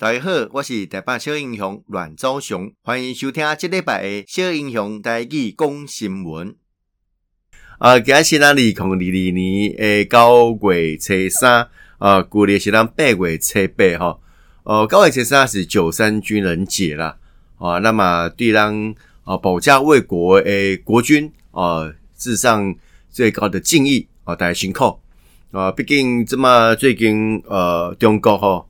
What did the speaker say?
大家好，我是台北小英雄阮兆雄，歡迎收聽今禮拜嘅小英雄台語講新聞。啊，今日是咱二零二二年嘅九月初三，啊、呃，舊曆是咱八月初八吼，哦、呃，九月初三是九三軍人節啦。哦、呃，那麼對咱啊保家衛國誒國軍哦，致、呃、上最高的敬意。哦、呃，大家辛苦。啊、呃，畢竟咁啊最近，呃，中國吼。